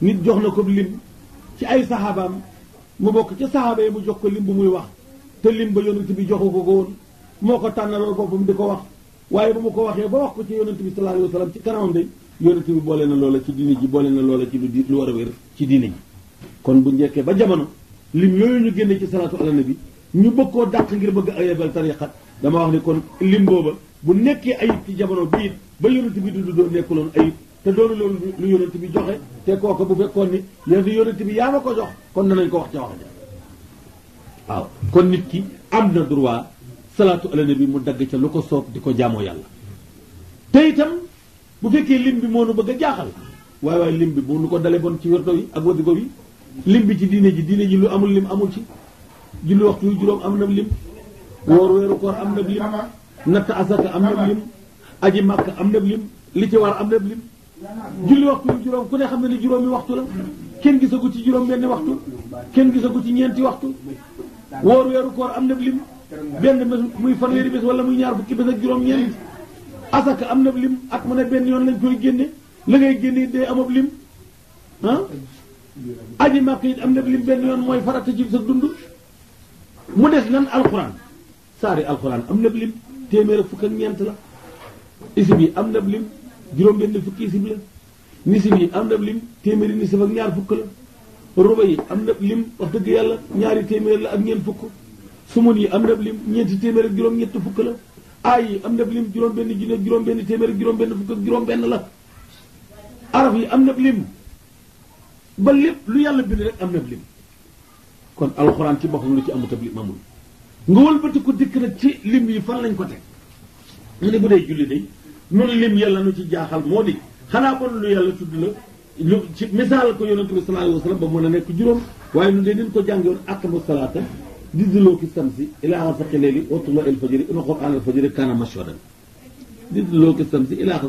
nit jox na ko lim ci ay saxaabaam mu bokk ca saxaaba yi mu jox ko lim bu muy wax te lim ba yonent bi joxu ko ko woon moo ko tànnaloo boppam di ko wax waaye bu ma ko waxee ba wax ko ci yonent bi sallallahu alayhi wa sallam ci kanamam de bi boole na loola ci diini ji boole na loola ci lu di lu war a wér ci diini kon bu njëkkee ba jamono lim yooyu ñu génne ci salaatu ala nabi ñu bëgg koo dàq ngir bëgg ayebal tariqat dama wax ni kon lim booba bu nekkee ayib ci jamono bii ba yonent bi du doon nekkuloon ayib te doonu loolu lu yonent bi joxe te kooka bu fekkoon ni yéen di yonent bi yaa ma ko jox kon danañ ko wax ca wax ja waaw kon nit ki am na droit salaatu ala nabi mu dagg ca lu ko soob di ko jaamoo yàlla te itam bu fekkee lim bi moo nu bëgg a jaaxal waaye waaye lim bi bu nu ko dalee bon ci wérdo yi ak wadigo yi lim bi ci diine ji diine ji lu amul lim amul ci julli waxtu yu juróom am na lim woor weeru koor am na lim natt asaka am na lim aji màkk am na li ci am na lim julli waxtu yu ku ne xam ne ni juróomi waxtu la kenn gisagu ci juróom benn waxtu kenn gisagu ci ñeenti waxtu woor weeru koor am na lim benn bés muy fanweeri bés wala muy ñaar fukki bés ak juróom ñeent asaka am na lim ak mu ne benn yoon lañ koy génne la ngay génne day amab lim ah aji màkk it am na lim benn yoon mooy farata ci sa dund mu des lan alxuraan saari alxuraan am na lim téeméer ak fukk ak ñeent la isi bi am na lim juróom-benn fukki sib la nisim yi am na lim téeméeri nisif ak ñaar fukk la ruba yi am na lim wax dëgg yàlla ñaari téeméer la ak ñeent fukk sumun yi am na lim ñeenti téeméer ak juróom-ñett fukk la aay yi am na lim juróom-benn junne ak juróom-benn téeméer ak juróom-benn fukk ak juróom-benn la araf yi am na lim ba lépp lu yàlla bind rek am na lim kon alxuraan ci boppam lu ci amut ab lim amul nga wëlbati ko dikk nag ci lim yi fan lañ ko teg ne bu nun lim yàlla nu ci jaaxal moo di xanaa kon lu yàlla tudd la lu misaal ko yonente bi sallallahu alayhi wa sallam ba mën a nekk juróom waaye nu de nin ko jàngoon aqamu salaata di duloo ki samsi ilaa xasaqi leeli wa tulu il fajiri ina quraan al fajiri kaana mashhudan di duloo ki samsi ilaa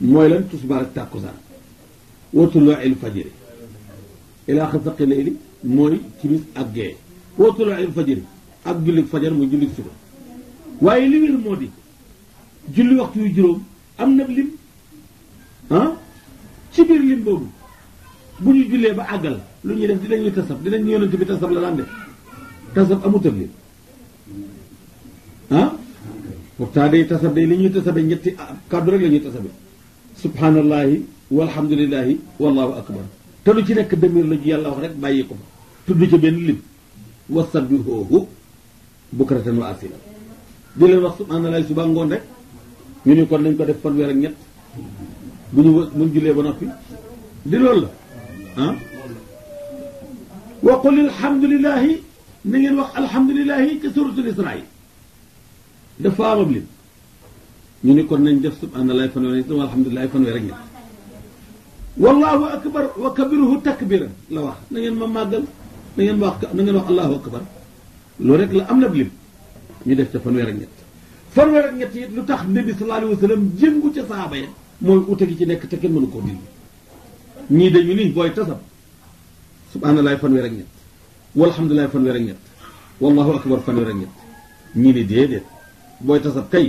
mooy lan tusbaar ak tàkkusaan wa tulu il fajiri ilaa xasaqi leeli mooy timis ak fajiri ak jullit fajar muy jullit suba waaye li wér julli waxtu yu juróom am na lim ah ci biir lim boobu bu ñu jullee ba àggal lu ñuy def dinañuy tasab dinañu yonent bi tasab la daan def tasab amutal lim ah pourtant day tasab day li ñuy tasabe ñetti kàddu rek la ñuy tasabe subhanallahi walhamdulillahi wallahu akbar te lu ci nekk demir la ju yàlla wax rek bàyyi ko fa tudd ca benn lim wasabbihoohu bukratan wa asila di leen wax subhanallahi suba ngoon rek ñu ne kon nañ ko def fanweer ak ñett bu ñu bu mu jullee ba noppi di loolu la ah wa qul alhamdulilahi na ngeen wax alhamdulilahi ci suratul isra yi dafa amab lim ñu ni kon nañ def subhanallah fanweer ak ñett alhamdulilahi fanweer ak ñett wallahu akbar wa kabiruhu takbira la wax na ngeen ma màggal na ngeen wax na ngeen wax allahu akbar loolu rek la am na lim ñu def ca fanweer ak ñett fanweer ak ñett it lu tax nabi sallallahu alayhi wa sallam jëngu ca saaba ya mooy ute gi ci nekk te kenn mënu koo dindi ñii dañu ni booy tasab subhaanallaahi fanweer ak ñett walhamdulilah fanweer ak ñett wallahu akbar fanweer ak ñett ñii ni déedéet booy tasab kay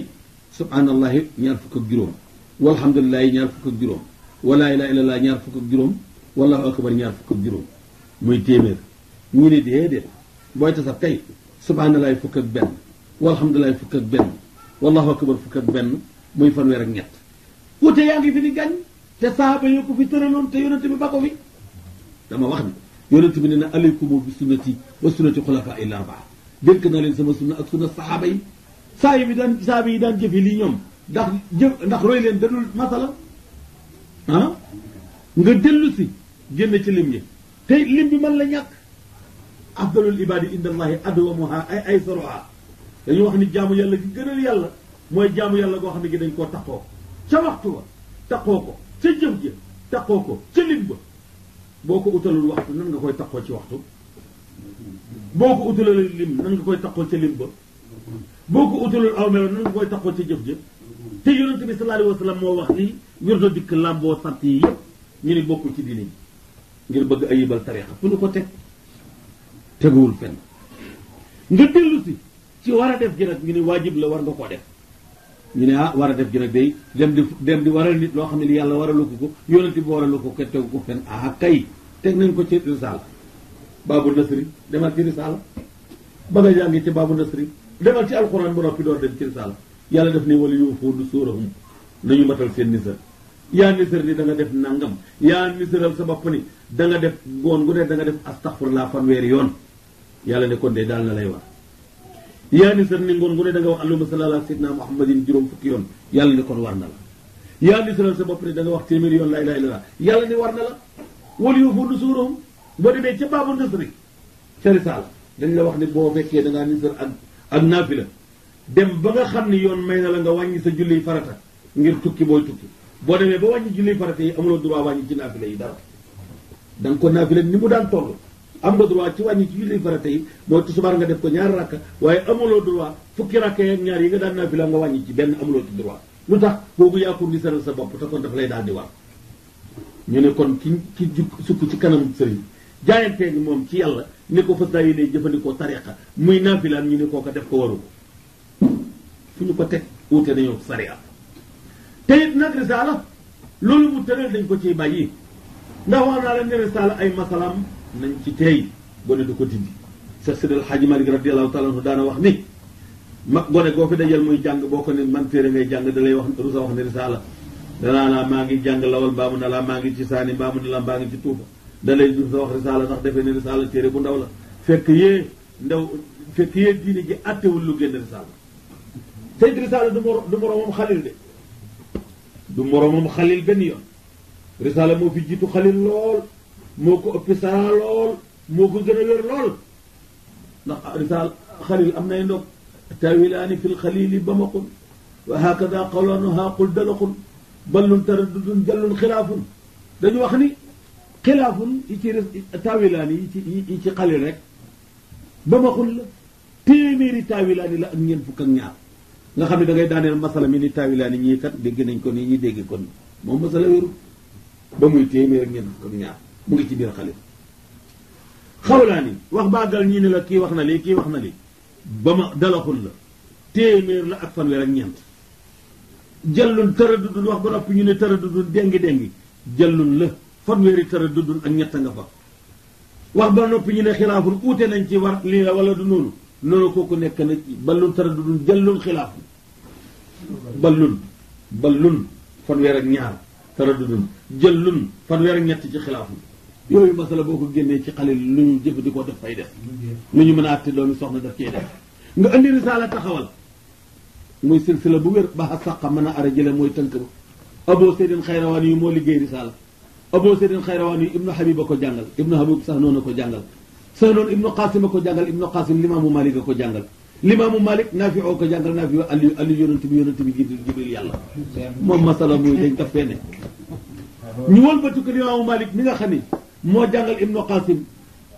subhaanallaahi ñaar fukk ak juróom walhamdulilahi ñaar fukk ak juróom walaa ilaha illallah fukk ak juróom wallahu akbar juróom muy téeméer ñii ni déedéet booy tasab kay subhaanallaahi fukk ak benn walhamdulilahi fukk ak benn wallahu akbar fukk ak benn muy fanweer ak ñett ute yaa ngi fi di gàñ te saaba yoo ko fi tëraloon te yonent bi ba ko fi dama wax ni yonent bi ne na alaykum bi sunnati wa sunnati xulafaa il arbaa dénk naa leen sama sunna ak sunna saxaaba yi saa yi bi daan saaba yi daan jëfe lii ñoom ndax jëf ndax roy leen dadul masala ah nga dellu si génn ci lim yi te bi man la ñàkk afdalul ibaadi inda allahi adwamuha ay aysaruha dañu wax ni jaamu yàlla gi gënal yàlla mooy jaamu yàlla goo xam ne gi dañ koo taqoo ca waxtu wa taqoo ko ca jëf ja taqoo ko ca nit ba boo ko utalul waxtu nan nga koy taqoo ci waxtu boo ko utalul lim nan nga koy taqoo ca lim ba boo ko utalul aw melo nan nga koy taqoo ca jëf ja te yonente bi sallallahu alayhi wa moo wax ni wirdo dikk làmboo sant yi yëpp ñu ni bokkul ci diine ji ngir bëgg ayibal tarixa fu ñu ko teg teguwul fenn nga dellu ci war a def gi nag ñu ne waajib la war nga koo def ñu ne ah war a def gi nag day dem di dem di waral nit loo xam ne li yàlla war waralu ko ko yonent bi waralu ko ko tegu ko fenn ah kay teg nañ ko ci risaala baabu nasri demal ci risaala ba nga jàngi ci baabu nasri demal ci alxuraan bu noppi door dem ci risaala yàlla def ni wala yuufu nusuurahum nañu matal seen nisar yaa nisar ni danga def nangam yaa nisaral sa bopp ni da nga def ngoon gu ne da nga def astaxfirullah fanweeri yoon yàlla ne kon de daal na lay war yaa ni sar ni ngoon gu ne da nga wax allahumma salli ala sayyidina muhammadin juróom fukki yoon yàlla ni kon war na la yaa ni sa bopp ne da nga wax téeméeri yoon laa ilaha illallah yàlla ni war na la wal yuufu nusuurahum boo demee ca baabu nasri ca risaala dañ la wax ne boo fekkee da ngaa ni sar ak ak naafila dem ba nga xam ni yoon may na la nga wàññi sa julli farata ngir tukki booy tukki boo demee ba wàññi julli farata yi amuloo droit wàññi ci naafila yi dara da nga ko naafila ni mu daan toll am na droit ci wàññi ci julli farata yi mooy tusubaar nga def ko ñaari rakka waaye amuloo droit fukki rakka yeeg ñaar yi nga daan naafila nga wàññi ci benn amuloo ci droit lu tax boobu yaa ko lisaral sa bopp te kon daf lay daal di war ñu ne kon ki ki sukk ci kanam sëriñ jaayantee gi moom ci yàlla ne ko fas daa yi lay jëfandikoo tariqa muy naafilaam ñu ne koo ko def ko waru ko fu ñu ko teg wuute nañoo sariya te it nag risaala loolu mu tëral dañ ko ciy bàyyi ndax wax naa la ne ay masalaam nañ ci teey gone du ko dindi sa séddal xaaji malik radiallahu taala anhu daana wax ni mag gone goo fi dajal muy jàng boo ko ne man téere ngay jàng da lay wax rusa wax ne risaala danaa laa maa ngi jàng lawal mbaamu na la maa ngi ci saani mbaamu na la mbaa ngi ci tuufa da lay rusa wax risaala ndax defee ne risaala téere bu ndaw la fekk yee ndaw fekk yee diine ji àttewul lu génn risaala tey risaala du moro du moroomam xalil de du moroomam xalil benn moo ko ëpp sara lool moo ko gën a wér lool ndax risaal xalil am nay ndog tawilaani fi lxalili bamaqun wa hakada qawlanuha qul dalaqun ballun taraddudun jallun xilaafun dañu wax ni xilaafun yi ci taawilaani yi yi ci xalil rek bamaqun la téeméeri taawilaani la ak ñeent fukk ak ñaar nga xam ne da ngay daaneel masala mi ni taawilaani ñii kat dégg nañ ko nii ñi dégg ko nii mu ngi ci biir xalif xawlaa ni wax baagal ñii ne la kii wax na lii kii wax na lii ba ma dalaxul la téeméer la ak fanweer ak ñeent jallun tëradudun wax ba noppi ñu ne tëradudun déngi déngi jallun la fanweeri tëradudun ak ñett nga fa wax ba noppi ñu ne xilaaful uute nañ ci war lii la wala du noonu noonu kooku nekk na ballun tëradudun jallun xilaaful ballun ballun fanweer ak ñaar jël jallun fanweer ak ñett ci xilaaful yooyu masala boo ko génnee ci xale lu ñu jëfandikoo daf fay def lu ñu mën a àtte doomi soxna daf ciy def nga indi risaala taxawal muy silsila bu wér baax a saqa mën a ara jële mooy tënk ba abo seydin xayrawaan yu moo liggéey risaala abo seydin xayrawaan yu ibnu habiba ko jàngal ibnu habib sax noonu ko jàngal sax noonu ibnu qasim ko jàngal ibnu qasim limaamu malik ko jàngal limaamu malik naafioo ko jàngal naafioo ali ali yonent bi yonent bi jibril jibril yàlla moom masala muy dañ daf fee ne ñu wëlbatu ko limaamu malik mi nga xam ni moo jàngal ibnu qasim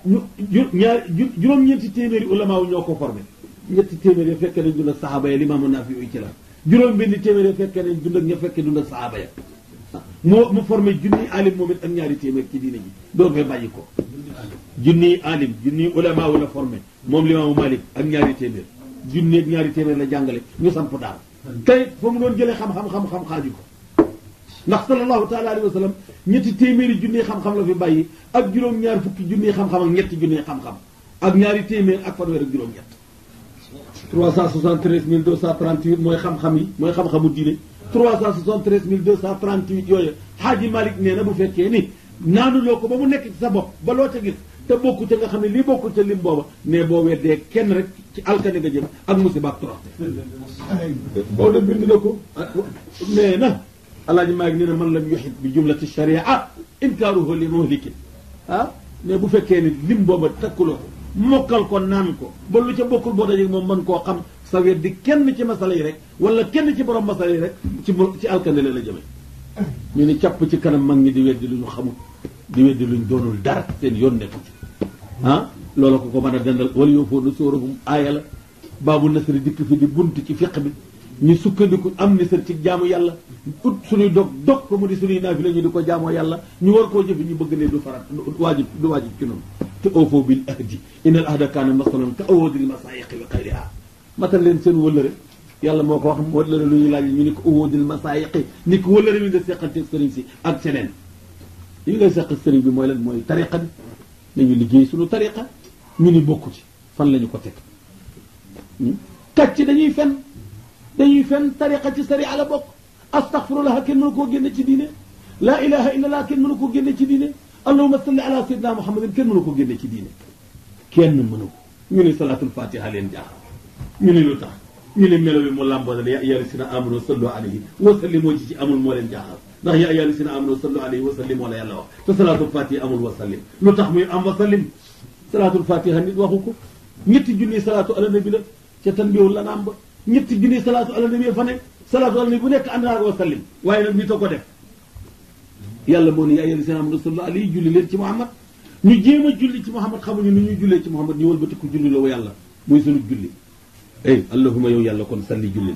ñu ñaar juróom ñetti téeméeri ulama wu ñoo ko formé ñetti téeméer ya fekkee nañ dund ak saxaaba ya limaamu naafi yu ci la juróom benn téeméer ya fekkee nañ dund ak ña fekkee dund ak saxaaba ya moo mu formé junniy alim moom it ak ñaari téeméer ci diine ji door fee bàyyi ko junniy alim junniy ulama wu la formé moom limaamu malik ak ñaari téeméer junni ak ñaari téeméer la jàngale ñu samp daal tey fa mu doon jëlee xam-xam xam-xam xaaju ko ndax sallallahu taala alayhi wa sallam ñetti téeméeri junni xam-xam la fi bàyyi ak juróom-ñaar fukki junni xam-xam ak ñetti junni xam-xam ak ñaari téeméer ak fanweer ak juróom-ñett 373 238 mooy xam-xam yi mooy xam-xamu diine 373 238 yooyu xaaji Malick nee na bu fekkee ni naanuloo ko ba mu nekk ci sa bopp ba loo ca gis te bokku ca nga xam ne lii bokku ca lim booba mais boo weddee kenn rek ci alkane nga jëm ak musiba ak toroxte boo de bind na ko nee na alaaji maa ngi nee na man lam yuxit bi jumlati sharia inkaaruhu li muhlikin ah ne bu fekkee ni lim booba takkuloo ko mokkal ko naan ko ba lu ca bokkul boo dajeg moom mën koo xam sa wet di kenn ci masala yi rek wala kenn ci borom masala yi rek ci ci alkandele la jëme ñu ni càpp ci kanam mag ñi di weddi lu ñu xamul di weddi luñ doonul dara seen yoon nekku ci ah loolu ko ko mën a dendal wala yoo foo nu sóorahum aaya la baabu nasri dikk fi di bunt ci fiq bi ñu sukkandiku am ni seen ci jaamu yàlla ut suñuy dog dog ko mu di suñuy naafila ñu di ko jaamoo yàlla ñu war koo jëfe ñu bëgg ne du farat waajib du waajib ci noonu te awfoo bil ahdi innal ahda kaana masuulan ka awoodil masaayiqi wa xayriha matal leen seen wëllëre yàlla moo ko wax wëllëre lu ñuy laaj ñu ni ko awoodil masaayiqi ni ko wëllëre mi nga si ak seneen li ngay seq sëriñ bi mooy lan mooy tariqa bi nañu liggéey suñu tariqa ñu ni bokku ci fan la ko teg hmm? داي فن طريقه تي سري على استغفر الله كن نكو ген تي لا اله الا الله كن نكو ген تي دينه اللهم صل على سيدنا محمد كن نكو ген تي دينه كن منو ني صلاه الفاتحه لين جا ني لوتا ني لي ميلو مو لامبو يا يا سيدنا امرو صلوا عليه وسلموا جي امول مو لين جا دا يا يا سيدنا امرو صلوا عليه وسلموا على الله صلاه الفاتحه امول وسلم لوتا مي ام وسلم صلاه الفاتحه ني واخوكو صلاه على النبي لا تي تنبيو ñetti junni salaatu ala nabi fa ne bu nekk ànd naa ko wasallim waaye nag nit a ko def yàlla moo ne yaa ayyuhaa llaziina aamanu sallu alayhi julli leen ci Muhammad ñu jéem a julli ci Muhammad xamuñu ni ñuy jullee ci Muhammad ñu wëlbatiku julli loo yàlla muy sunu julli ay eh, allahuma yow yàlla kon salli julli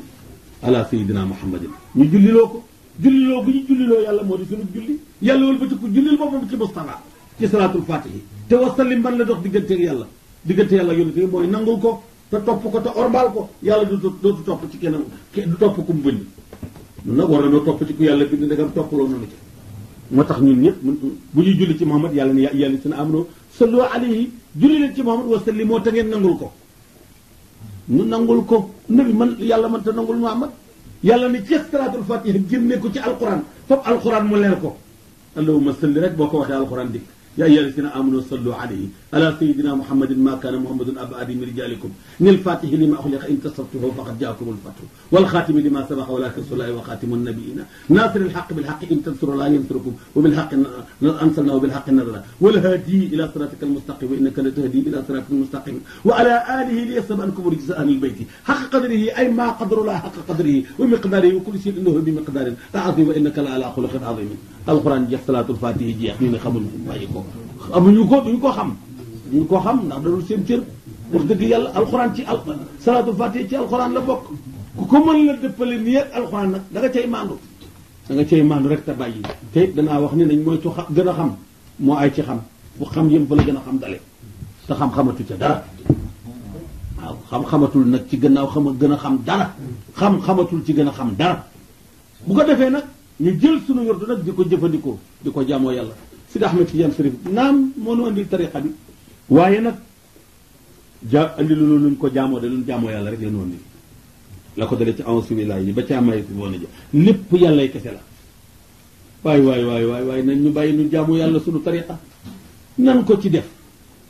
ala sayidina muhammadin ñu julliloo ko julliloo bu ñu julliloo yàlla moo di sunu julli yàlla wëlbatiku jullil boppam ci Mustafa ci salaatul fatihi te wasallim ban la dox digganteeg yàlla diggante yàlla yonente mooy nangul ko te topp ko te ormal ko yàlla du dootu topp ci kenn du topp ku mu bëñ nun nag war nañoo topp ci ku yàlla bind ndegam topp loolu na ci moo tax ñun ñëpp bu ñuy julli ci Muhammad yàlla ne yàlla seen amro sallu alayhi julli leen ci Muhammad wa sallimoo te ngeen nangul ko ñu nangul ko nabi man yàlla man te nangul Muhammad yàlla ne ceex salaatul fatiha génne ko ci alquran foofu alquran mu leer ko allahumma salli rek boo ko waxee alquran dikk يا أيها الذين آمنوا صلوا عليه على سيدنا محمد ما كان محمد أبا من رجالكم من الفاتح لما أخلق إن تصرفته فقد جاءكم الفتح والخاتم لما سبق ولكن صلى وخاتم النبيين ناصر الحق بالحق إن تنصروا لا ينصركم وبالحق أنصرنا وبالحق نظرا والهادي إلى صراطك المستقيم وإنك لتهدي إلى صراطك المستقيم وعلى آله ليصب أنكم رجز أهل البيت حق قدره أي ما قدر الله حق قدره ومقداره وكل شيء إنه بمقدار أعظم وإنك لعلى خلق عظيم alquran jeex salatul fatih jeex ñu ne xamul bàyyi ko amuñu ko duñ ko xam duñ ko xam ndax dadul seen cër wax dëgg yàlla alquran ci al salatul fatih ci alquran la bokk ku ko mën la dëppale ni ak alquran nag da nga cey mandu da nga cey mandu rek ta bayyi te dana wax ne nañ moytu gën gëna xam mo ay ci xam bu xam yëm fa la xam dale te xam-xamatu ca dara xam-xamatul nag ci gënaaw xam gëna xam dara xam-xamatul ci gëna xam dara bu ko defee nag ñu jël sunu wërdu nag di ko jëfandikoo di ko jaamoo yàlla Sidi Ahmed Tidiane Cherif naam moo nu andil tariqa bi waaye nag ja andi lu luñ ko jaamoo de luñ yàlla rek la ñu andi la ko dalee ci ansi wilaay ba ci amay si woon a ja lépp yàllay kese la waaye waay waay waay waay nañ ñu bàyyi ñu jaamu yàlla sunu tariqa nan ko ci def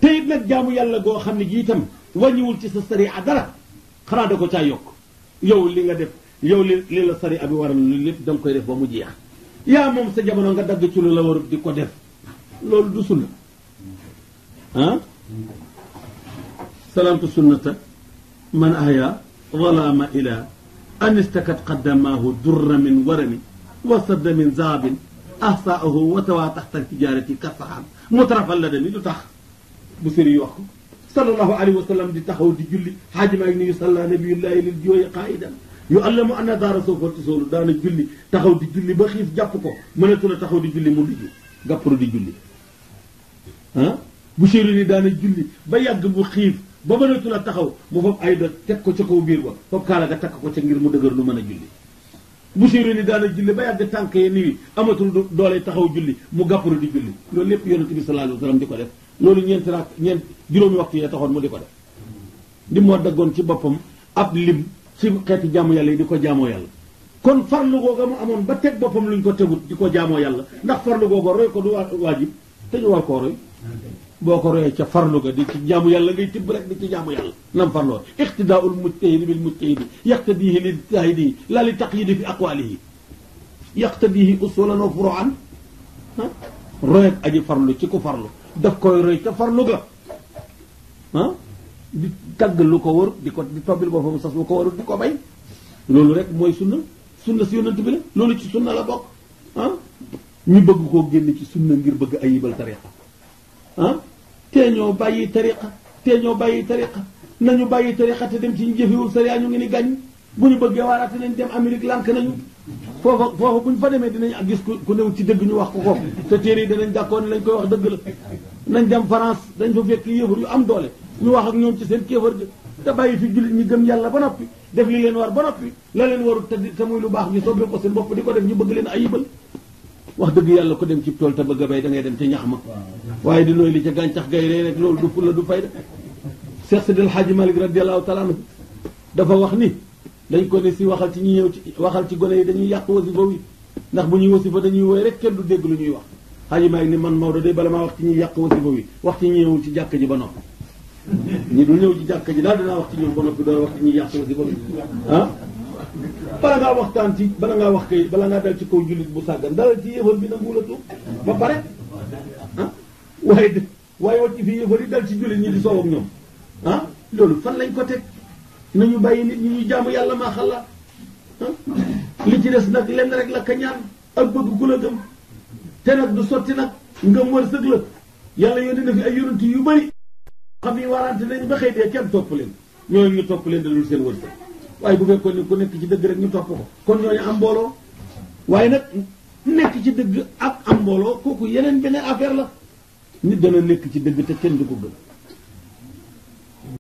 te it nag jaamu yàlla goo xam ne ji itam wàññiwul ci sa sariya dara xanaa ko caa yokk yow li nga def yow li li la sari abi waral lu lépp da nga koy def ba mu jeex yaa moom sa jamono nga dagg ci lu la warut di ko def loolu du sunna ah salamtu sunnata man ahya zalama ila an istakat qaddamaahu durra min warami wa sadda min zaabin ahsaahu wa tawaa taxta tijaarati kasaxaan mutarafal la dami lu tax bu sëri yi wax ko sallallahu alayhi wa sallam di taxaw di julli xaaji maa ngi nuyu salla nabiyullahi lil jooyi qaa'idan yu allamu anna daara soo ko tisóolu daana julli taxaw di julli ba xiif jàpp ko mënatu la taxaw di julli mu dijju gàpparu di julli ah bu séeru ni daana julli ba yàgg bu xiif ba mënatu la taxaw mu fab ay dot teg ko ca kaw biir ba fab kaala ga takk ko ca ngir mu dëgër lu mën a julli bu séeru ni daana julli ba yàgg tànk yi niwi amatul doole taxaw julli mu gàpparu di julli loolu lépp yonente bi sallallahu alayhi wa sallam di ko def loolu ñeenti raak ñeent juróomi waxtu yee taxoon mu di ko def di moo daggoon ci boppam ab lim ci xeeti jaamu yàlla yi di ko jaamoo yàlla kon farlu googa mu amoon ba teg boppam luñ ko tegut di ko jaamoo yàlla ndax farlu googa roy ko du waajib te ñu war koo roy boo ko royee ca farlu ga di ci jaamu yàlla ngay tibb rek di ci jaamu yàlla nam farloo iqtidaa'ul mujtahidi bil mujtahidi yaqtadihi li tahidi la li taqyidi fi aqwalihi yaqtadihi usulan wa furu'an royet aji farlu ci ku farlu daf koy roy ca farlu ga ah di tagg lu ko warut di ko di tobbil boppam sas lu ko warut di ko bay loolu rek mooy sunna sunna si yonent bi la loolu ci sunna la bokk ah ñu bëgg koo génn ci sunna ngir bëgg ayibal tariqa ah tee ñoo bàyyi tariqa tee ñoo bàyyi tariqa nañu bàyyi tariqa te dem ci ñu jëfewul sariya ñu ngi ni gañ bu ñu bëggee waaraate nañ dem Amérique lànk nañu foofa foofa bu ñu fa demee dinañ gis ku néew ci dëgg ñu wax ko ko te téere yi danañ d'accord ni lañ koy wax dëgg la nañ dem France dañ fa fekk yëfar yu am doole ñu wax ak ñoom ci seen kéefar ji te bàyyi fi jullit ñi gën yàlla ba noppi def li leen war ba noppi la leen warul te muy lu baax ñu soobee ko seen bopp di ko def ñu bëgg leen ayibal wax dëgg yàlla ko dem ci tool te bëgg a bay da ngay dem ci ñax ma waaye di nooy li ca gàncax gay rey rek loolu du fulla du fayda Cheikh Sidil Hadji Malick radiallahu taala anhu dafa wax ni dañ ko ne si waxal ci ñi ñëw ci waxal ci gone yi dañuy yàq wasifa wi ndax bu ñuy wasifa dañuy woy rek kenn du dégg lu ñuy wax Hadji Malick ni man Maodo day bala maa wax ñuy yàq wasifa wi wax ci ñi ñëwul ci jàkk ji ba noppi ñi du ñëw ci jàkka ji daal dinaa wax ci ñoom ba noppi doon wax ci ñuy yàq si ba ah bala ngaa waxtaan ci bala ngaa wax kay bala ngaa dal ci kaw jullit bu sàggan dalal ci yéefar bi nangu la tuub ma pare ah waaye waaye wat ci fi yéefar yi dal ci jullit ñi di soow ñoom ah loolu fan lañ ko teg nañu bàyyi nit ñi ñu jaamu yàlla maa xalla ah? li ci des nag lenn rek la ka ñaan ak bëgg ku la gëm te nag du sotti nag ngëm wërsëg la yàlla yónni na fi ay yonent yu bari xam yi warante nañ ba xëy dee kenn topp leen ñooñu ñu topp leen dalul seen wërsëg waaye bu fekkoon ne ku nekk ci dëgg rek ñu topp ko kon ñooñu am mbooloo waaye nag nekk ci dëgg ak am mbooloo kooku yeneen beneen affaire la nit dana nekk ci dëgg te kenn du ko gëm